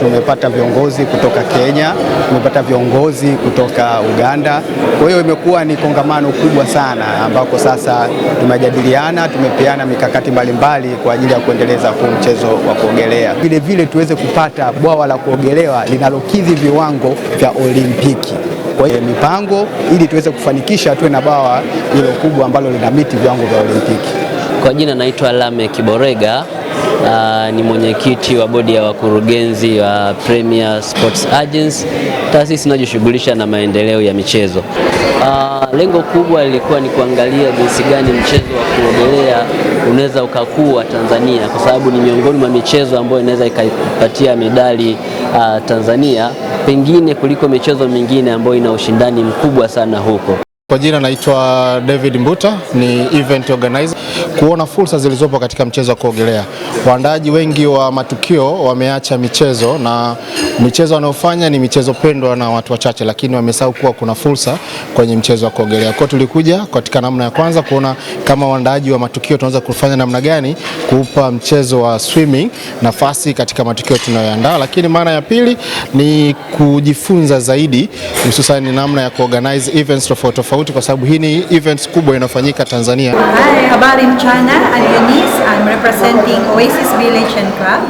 Tumepata viongozi kutoka Kenya, tumepata viongozi kutoka Uganda. Kwa hiyo imekuwa ni kongamano kubwa sana, ambako sasa tumejadiliana, tumepeana mikakati mbalimbali kwa ajili ya kuendeleza huu mchezo wa kuogelea, vile vile tuweze kupata bwawa la kuogelewa linalokidhi viwango vya Olimpiki kwa hiyo mipango ili tuweze kufanikisha tuwe na bwawa hilo kubwa ambalo linamiti viwango vya Olimpiki. Kwa jina naitwa Lame Kiborega. Uh, ni mwenyekiti wa bodi ya wakurugenzi wa Premier Sports Agents, taasisi inayojishughulisha na maendeleo ya michezo. Uh, lengo kubwa lilikuwa ni kuangalia jinsi gani mchezo wa kuogelea unaweza ukakua Tanzania, kwa sababu ni miongoni mwa michezo ambayo inaweza ikaipatia medali uh, Tanzania pengine kuliko michezo mingine ambayo ina ushindani mkubwa sana huko. Kwa jina naitwa David Mbuta, ni event organizer. Kuona fursa zilizopo katika mchezo wa kuogelea, waandaaji wengi wa matukio wameacha michezo na michezo wanayofanya ni michezo pendwa na watu wachache, lakini wamesahau kuwa kuna fursa kwenye mchezo wa kuogelea. Kwa tulikuja katika namna ya kwanza kuona kama waandaaji wa matukio tunaweza kufanya namna gani kuupa mchezo wa swimming nafasi katika matukio tunayoandaa, lakini maana ya pili ni kujifunza zaidi, hususan namna ya kuorganize events tofauti tofauti tofauti kwa sababu hii ni events kubwa inafanyika Tanzania. Hi, habari mchana. I'm Eunice. I'm representing Oasis Village and Club.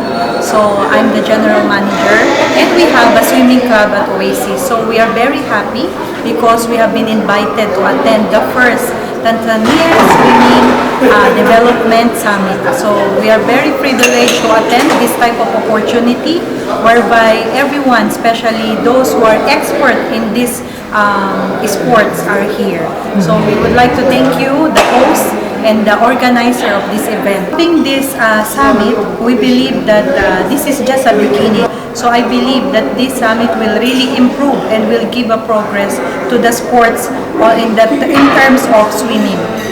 So I'm the general manager and we have a swimming club at Oasis. So we are very happy because we have been invited to attend the first Tanzania Swimming uh, Development Summit. So we are very privileged to attend this type of opportunity whereby everyone, especially those who are expert in this um, sports are here. So we would like to thank you, the host, and the organizer of this event. Having this uh, summit, we believe that uh, this is just a beginning. So I believe that this summit will really improve and will give a progress to the sports uh, in, the, in terms of swimming.